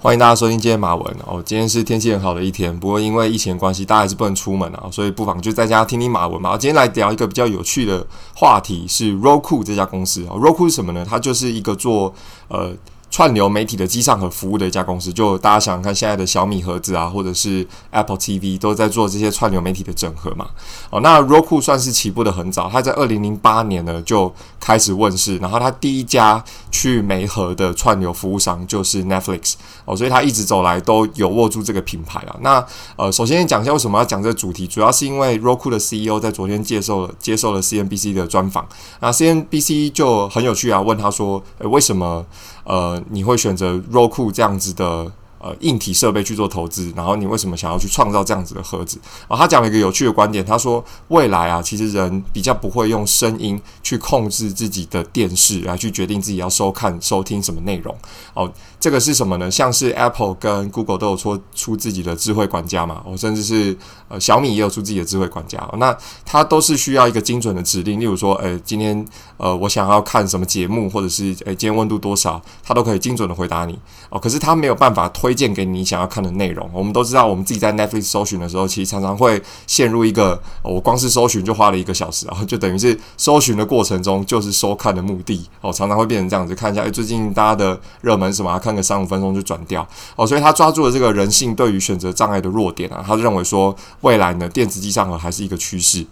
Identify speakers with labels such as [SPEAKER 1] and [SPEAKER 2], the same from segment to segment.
[SPEAKER 1] 歡迎大家收聽今天馬文哦，今天是天氣很好的一天，不過因為疫情的關係，大家還是不能出門啊、哦，所以不妨就在家聽聽馬文吧、哦。今天來聊一個比較有趣的話題，是 Roku 這家公司啊、哦，Roku 是什麼呢？它就是一個做呃。串流媒體的機上和服務的一家公司。就大家想想看，現在的小米盒子啊，或者是 Apple TV 都在做這些串流媒體的整合嘛。哦，那 Roku 算是起步的很早，他在二零零八年呢就開始問世，然後他第一家去媒合的串流服務商就是 Netflix。哦，所以他一直走來都有握住這個品牌了啊。那呃，首先講一下為什麼要講這個主題，主要是因為 Roku 的 CEO 在昨天接受了接受了 CNBC 的專訪。那 CNBC 就很有趣啊，問他說，誒，為什麼？呃，你會選擇 Roku 這樣子的呃硬體設備去做投資，然後你為什麼想要去創造這樣子的盒子？啊，呃，他講了一個有趣的觀點，他說未來啊，其實人比較不會用聲音。去控制自己的電視，來去決定自己要收看、收聽什麼內容哦。這個是什麼呢？像是 Apple 跟 Google 都有出出自己的智慧管家嘛。我、哦、甚至是呃小米也有出自己的智慧管家。哦、那它都是需要一個精準的指令，例如說，呃、欸，今天呃，我想要看什麼節目，或者是誒、欸，今天溫度多少，它都可以精準的回答你哦。可是它沒有辦法推薦給你想要看的內容。我們都知道，我們自己在 Netflix 搜尋的時候，其實常常會陷入一個，哦、我光是搜尋就花了一個小時，然、哦、後就等於是搜尋的過程。過程中就是收看的目的哦，常常會變成這樣子，看一下誒、欸，最近大家的熱門什麼，看個三五分鐘就轉掉哦，所以他抓住了這個人性對於選擇障礙的弱點啊，他認為說未來呢，電子機上盒還是一個趨勢。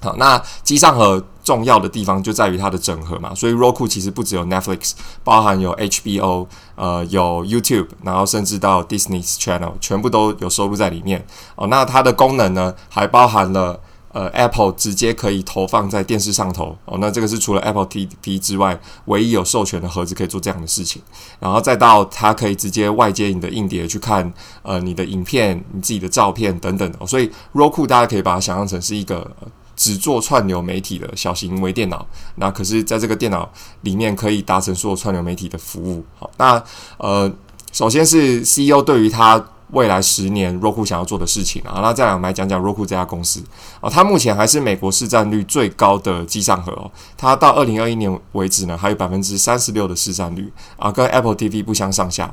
[SPEAKER 1] 好，那機上盒重要的地方就在於它的整合嘛，所以 Roku 其實不只有 Netflix，包含有 HBO，呃，有 YouTube，然後甚至到 Disney Channel，全部都有收錄在裡面。哦，那它的功能呢，還包含了。呃，Apple 直接可以投放在電視上頭哦，那這個是除了 Apple TV 之外唯一有授權的盒子可以做這樣的事情。然後再到它可以直接外接你的硬碟去看，呃，你的影片、你自己的照片等等。哦、所以，Roku 大家可以把它想象成是一個、呃、只做串流媒體的小型微電腦。那可是，在這個電腦裡面可以達成所有串流媒體的服務。好、哦，那呃，首先是 CEO 對於它未來十年，Roku 想要做的事情啊，那再來我們來講講 Roku 這家公司啊，哦，它目前還是美國市占率最高的機上盒哦，它到二零二一年為止呢，還有百分之三十六的市占率啊，跟 Apple TV 不相上下。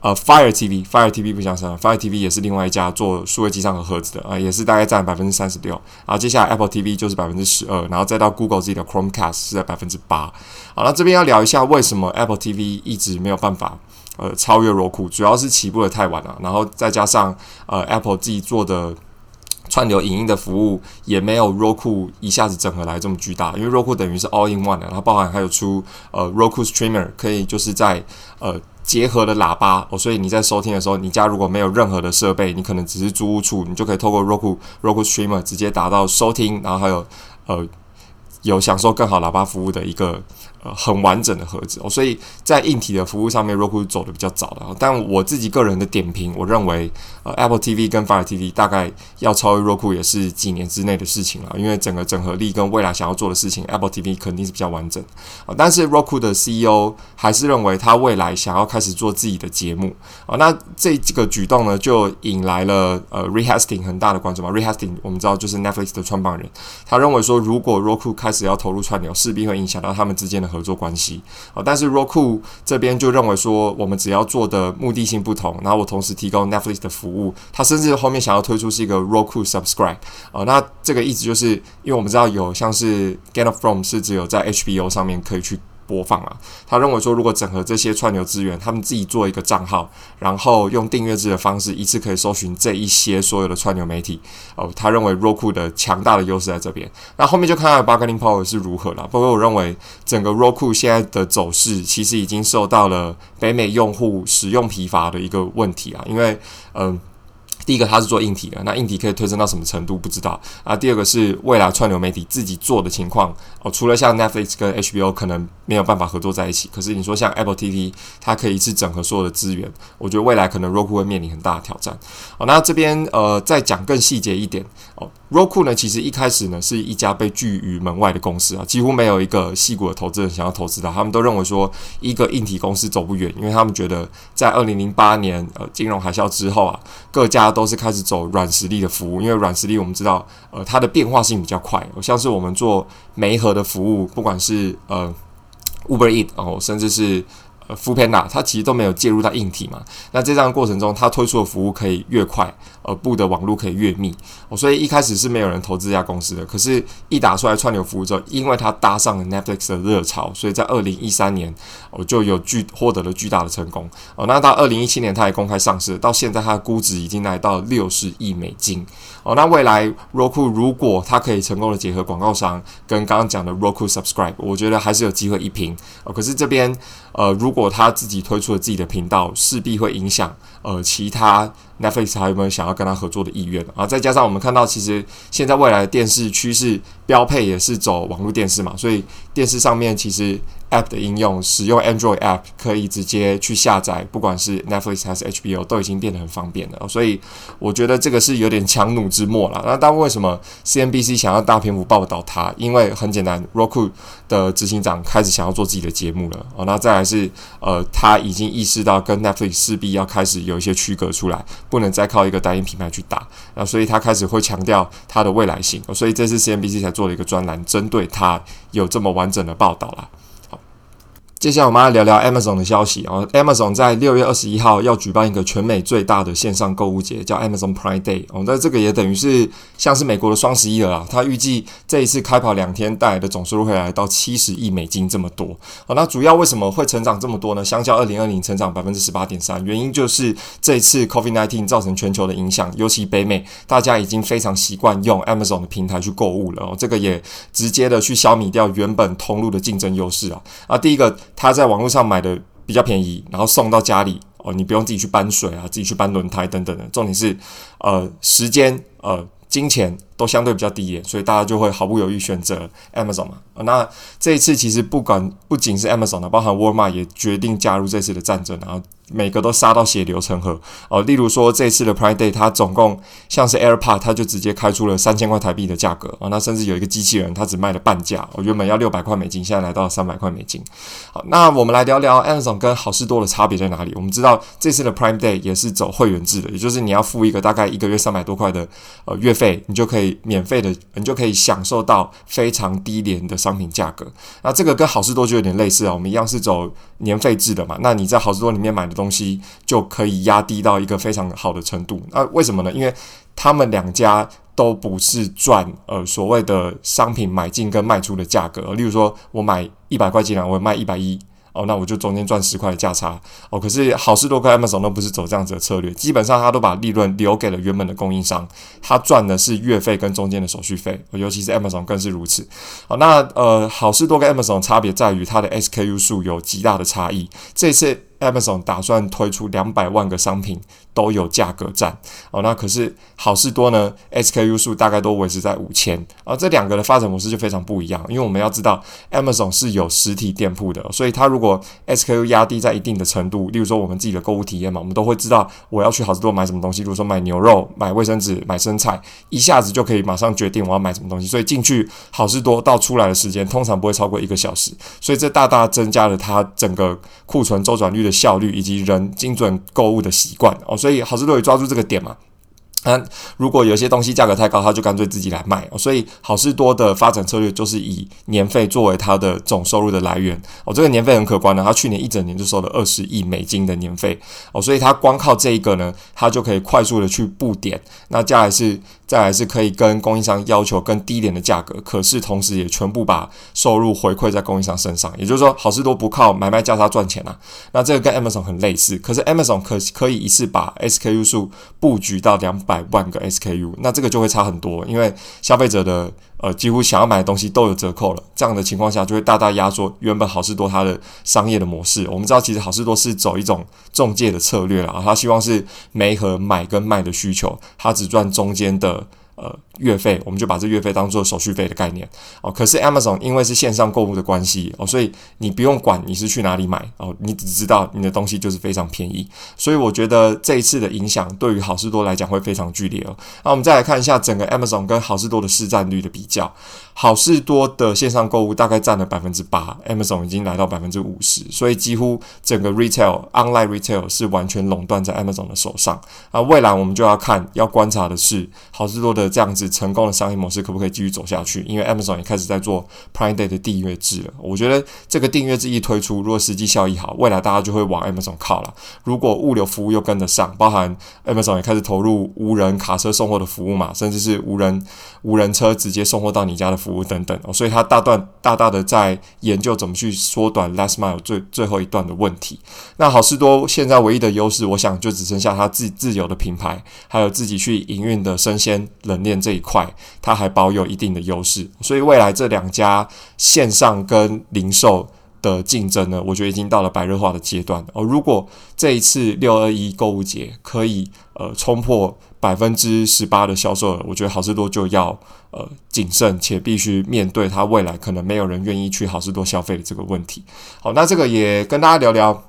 [SPEAKER 1] 呃，啊，Fire TV，Fire TV 不相上下，Fire TV 也是另外一家做數位機上盒盒盒子的啊，也是大概占百分之三十六。啊，接下來 Apple TV 就是百分之十二，然後再到 Google 自己的 Chromecast 是在百分之八。好，那這邊要聊一下為什麼 Apple TV 一直沒有辦法。呃，超越 Roku 主要是起步的太晚了、啊，然後再加上呃 Apple 自己做的串流影音的服務也沒有 Roku 一下子整合來這麼巨大，因為 Roku 等於是 All in One 的、啊，然後包含還有出呃 Roku Streamer 可以就是在呃結合的喇叭、哦，所以你在收聽的時候，你家如果沒有任何的設備，你可能只是租屋處，你就可以透過 Roku Roku Streamer 直接達到收聽，然後還有呃有享受更好喇叭服務的一個。呃，很完整的盒子哦，所以在硬體的服務上面，Roku 走的比較早了。但我自己個人的點評，我認為呃，Apple TV 跟 Fire TV 大概要超越 Roku 也是幾年之內的事情了，因為整個整合力跟未來想要做的事情，Apple TV 肯定是比較完整啊、呃。但是 Roku 的 CEO 還是認為他未來想要開始做自己的節目啊、呃，那這個舉動呢，就引來了呃，Reed Hastings 很大的關注嘛。Reed Hastings 我們知道就是 Netflix 的創辦人，他認為說如果 Roku 開始要投入串流，勢必會影響到他們之間的。合作關係啊，但是 Roku 這邊就認為說，我們只要做的目的性不同，然後我同時提供 Netflix 的服務，他甚至後面想要推出是一個 Roku Subscribe 啊、呃，那這個意思就是，因為我們知道有像是 Game of Thrones 是只有在 HBO 上面可以去。播放了，他認為說，如果整合這些串流資源，他們自己做一個賬號，然後用訂閱制的方式，一次可以搜尋這一些所有的串流媒體哦、呃。他認為 Roku 的強大的優勢在這邊。那後面就看看 Bargaining Power 是如何了。不過我認為整個 Roku 現在的走勢其實已經受到了北美用戶使用疲乏的一個問題啊，因為嗯。呃第一個，它是做硬體的，那硬體可以推升到什麼程度，不知道啊。那第二個是未來串流媒體自己做的情況哦，除了像 Netflix 跟 HBO 可能沒有辦法合作在一起，可是你說像 Apple TV，它可以一次整合所有的資源，我覺得未來可能 Roku 會面臨很大的挑戰哦。那這邊呃再講更細節一點哦。Roku 呢？其實一開始呢，是一家被拒於門外的公司啊，幾乎沒有一個矽谷的投資人想要投資的。他們都認為說，一個硬體公司走不遠，因為他們覺得在二零零八年呃金融海嘯之後啊，各家都是開始走軟實力的服務，因為軟實力我們知道，呃，它的變化性比較快。呃、像是我們做媒合的服務，不管是呃 Uber Eats、呃、甚至是。呃，浮片吶，它其實都沒有介入到硬體嘛。那這段過程中，它推出的服務可以越快，呃，布的網絡可以越密。哦，所以一開始是沒有人投資這家公司的，可是，一打出來串流服務之後，因為它搭上了 Netflix 的熱潮，所以在二零一三年，我、哦、就有巨獲得了巨大的成功。哦，那到二零一七年，它也公開上市，到現在，它的估值已經來到六十億美金。哦，那未來 Roku 如果它可以成功的結合廣告商跟剛剛講的 Roku Subscribe，我覺得還是有機會一拼。哦，可是這邊，呃，如果如果他自己推出了自己的頻道，勢必會影響呃其他。Netflix 還有沒有想要跟他合作的意願啊？再加上我們看到，其實現在未來的電視趨勢標配也是走網絡電視嘛，所以電視上面其實 App 的應用，使用 Android App 可以直接去下載，不管是 Netflix 還是 HBO 都已經變得很方便了。所以我覺得這個是有點強弩之末了。那但為什麼 CNBC 想要大篇幅報道他？因為很簡單，Roku 的執行長開始想要做自己的節目了。哦、啊，那再來是呃，他已經意識到跟 Netflix 勢必要開始有一些區隔出來。不能再靠一個單一品牌去打，那、啊、所以他開始會強調他的未來性，所以這次 CNBC 才做了一個專欄，針對他有這麼完整的報道啦。接下來我們來聊聊 Amazon 的消息哦。Amazon 在六月二十一號要舉辦一個全美最大的線上購物節，叫 Amazon Prime Day。哦，那這個也等於是像是美國的雙十一了啊。它預計這一次開跑兩天帶來的總收入會來到七十億美金這麼多。哦，那主要為什麼會成長這麼多呢？相較二零二零成長百分之十八點三，原因就是這一次 COVID-19 造成全球的影響，尤其北美大家已經非常習慣用 Amazon 的平台去購物了哦。這個也直接的去消弭掉原本通路的競爭優勢啊。啊，第一個。他在網絡上買的比較便宜，然後送到家裡哦、呃，你不用自己去搬水啊，自己去搬輪胎等等的。重點是，呃，時間、呃，金錢都相對比較低，所以大家就會毫不猶豫選擇 Amazon 嘛、呃。那這一次其實不管不僅是 Amazon 啊，包含 Walmart 也決定加入這次的戰爭，然後。每個都殺到血流成河哦，例如說這次的 Prime Day，它總共像是 AirPod，它就直接開出了三千塊台幣的價格啊、哦，那甚至有一個機器人，它只賣了半價，我、哦、原本要六百塊美金，現在來到三百塊美金。好，那我們來聊聊 Amazon 跟好市多的差別在哪裡？我們知道這次的 Prime Day 也是走會員制的，也就是你要付一個大概一個月三百多塊的呃月費，你就可以免費的，你就可以享受到非常低廉的商品價格。那這個跟好市多就有點類似啊，我們一樣是走年費制的嘛。那你在好市多裡面買的東西東西就可以壓低到一個非常好的程度。那、啊、為什麼呢？因為他們兩家都不是賺呃所謂的商品買進跟賣出的價格。例如說我100，我買一百塊進來，我賣一百一，哦，那我就中間賺十塊的價差。哦，可是好事多跟 Amazon 都不是走這樣子的策略，基本上他都把利潤留給了原本的供應商，他賺的是月費跟中間的手續費，尤其是 Amazon 更是如此。好、哦，那呃，好事多跟 Amazon 差別在於它的 SKU 數有極大的差異，這次。Amazon 打算推出兩百萬個商品都有價格戰哦，那可是好市多呢，SKU 數大概都維持在五千，而這兩個的發展模式就非常不一樣，因為我們要知道 Amazon 是有實體店鋪的，所以它如果 SKU 壓低在一定的程度，例如說，我們自己的購物體驗嘛，我們都會知道我要去好市多買什麼東西。比如說，買牛肉、買衛生紙、買生菜，一下子就可以馬上決定我要買什麼東西，所以進去好市多到出來的時間通常不會超過一個小時，所以這大大增加了它整個庫存周轉率的。效率以及人精準購物的習慣哦，所以好事多也抓住這個點嘛。啊，如果有些東西價格太高，他就乾脆自己來賣哦。所以好事多的發展策略就是以年費作為他的總收入的來源哦。這個年費很可觀呢，他去年一整年就收了二十億美金的年費哦。所以他光靠這一個呢，他就可以快速的去布點。那接下來是，再來是可以跟供應商要求更低廉的價格，可是同時也全部把收入回饋在供應商身上，也就是說好市多不靠買賣價差賺錢啊。那這個跟 Amazon 很類似，可是 Amazon 可可以一次把 SKU 數佈局到兩百萬個 SKU，那這個就會差很多，因為消費者的。呃，幾乎想要買的東西都有折扣了。這樣的情況下，就會大大壓縮原本好市多它的商業的模式。我們知道，其實好市多是走一種中介的策略了，他希望是媒合買跟賣的需求，他只賺中間的。呃，月費我們就把這月費當做手續費的概念哦。可是 Amazon 因為是線上購物的關係哦，所以你不用管你是去哪裡買哦，你只知道你的東西就是非常便宜。所以我覺得這一次的影響對於好事多來講會非常劇烈哦。那我們再來看一下整個 Amazon 跟好事多的市占率的比較。好事多的線上購物大概占了百分之八，Amazon 已經來到百分之五十，所以幾乎整個 Retail , Online Retail 是完全壟斷在 Amazon 的手上。那未來我們就要看要觀察的是好事多的。這樣子成功的商業模式可不可以繼續走下去？因為 Amazon 也開始在做 Prime Day 的訂閱制了。我覺得這個訂閱制一推出，如果實際效益好，未來大家就會往 Amazon 靠了。如果物流服務又跟得上，包含 Amazon 也開始投入無人卡車送貨的服務嘛，甚至是無人無人車直接送貨到你家的服務等等。哦，所以他大段大大的在研究怎麼去縮短 Last Mile 最最後一段的問題。那好市多現在唯一的優勢，我想就只剩下他自自有的品牌，還有自己去營運的生鮮。冷鏈這一塊，它還保有一定的優勢，所以未來這兩家線上跟零售的競爭呢，我覺得已經到了白熱化的階段。而，如果這一次六二一購物節可以呃衝破百分之十八的銷售額，我覺得好市多就要呃謹慎，且必須面對它未來可能沒有人願意去好市多消費的這個問題。好，那這個也跟大家聊聊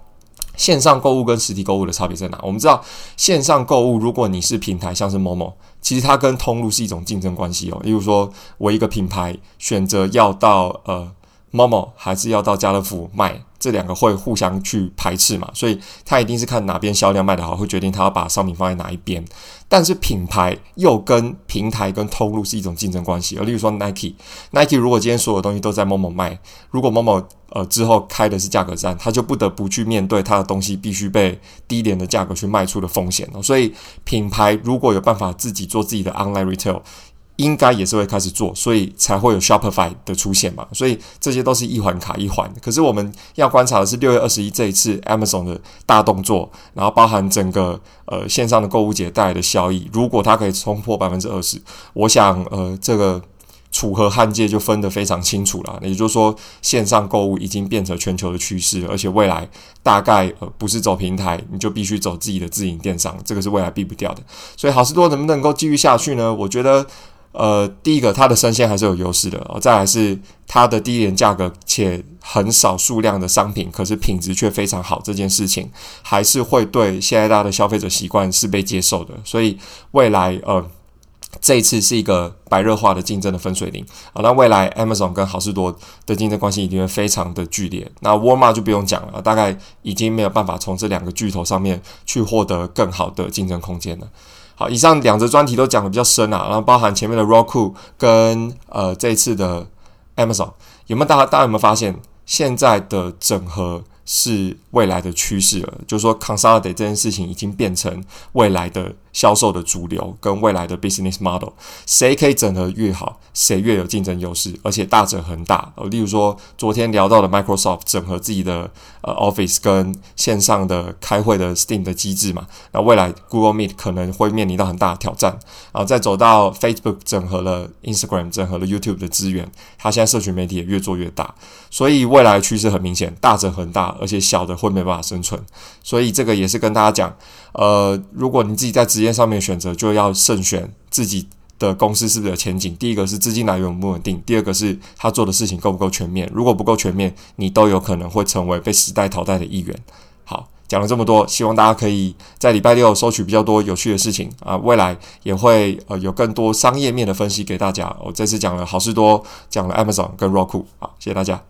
[SPEAKER 1] 線上購物跟實體購物的差別在哪？我們知道線上購物，如果你是平台，像是 momo。其實它跟通路是一種競爭關係哦，例如說我一個品牌選擇要到呃。某某還是要到家樂福賣，這兩個會互相去排斥嘛，所以他一定是看哪邊銷量賣得好，會決定他要把商品放在哪一邊。但是品牌又跟平台跟通路是一種競爭關係，而例如說 Nike，Nike 如果今天所有東西都在 Momo 賣，如果 Momo 呃之後開的是價格戰，他就不得不去面對他的東西必須被低廉的價格去賣出的風險了。所以品牌如果有辦法自己做自己的 online retail。應該也是會開始做，所以才會有 Shopify 的出現嘛，所以這些都是一環卡一環。可是我們要觀察的是六月二十一這一次 Amazon 的大動作，然後包含整個呃線上的購物節帶來的效益，如果它可以衝破百分之二十，我想呃這個楚河漢界就分得非常清楚了。也就是說，線上購物已經變成全球的趨勢，而且未來大概呃不是走平台，你就必須走自己的自營電商，這個是未來避不掉的。所以好事多能不能夠繼續下去呢？我覺得。呃，第一個，它的生鮮還是有優勢的、呃，再來是它的低廉價格且很少數量的商品，可是品質卻非常好，這件事情還是會對現在大家的消費者習慣是被接受的。所以未來，呃，這一次是一個白熱化的競爭的分水嶺。好、呃，那未來 Amazon 跟好事多的競爭關係一定會非常的劇烈。那 Walmart 就不用講了、呃，大概已經沒有辦法從這兩個巨頭上面去獲得更好的競爭空間了。好，以上兩則專題都講的比較深啊，然後包含前面的 Roku 跟呃這一次的 Amazon，有沒有大家，大家有沒有發現，現在的整合是未來的趨勢了？嗯、就是說，consolidate 這件事情已經變成未來的。銷售的主流跟未來的 business model，誰可以整合越好，誰越有競爭優勢，而且大者恆大。例如說昨天聊到的 Microsoft 整合自己的呃 Office 跟線上的開會的 Teams 的機制嘛，那未來 Google Meet 可能會面臨到很大的挑戰。啊，再走到 Facebook 整合了 Instagram、整合了 YouTube 的資源，它現在社群媒體也越做越大，所以未來趨勢很明顯，大者恆大，而且小的會沒辦法生存。所以這個也是跟大家講。呃，如果你自己在職業上面選擇，就要慎選自己的公司是不是有前景。第一個是資金來源不穩定，第二個是他做的事情夠不夠全面。如果不夠全面，你都有可能會成為被時代淘汰的一員。好，講了這麼多，希望大家可以在禮拜六收取比較多有趣的事情啊。未來也會呃有更多商業面的分析給大家。我、哦、這次講了好事多，講了 Amazon 跟 Roku，好，謝謝大家。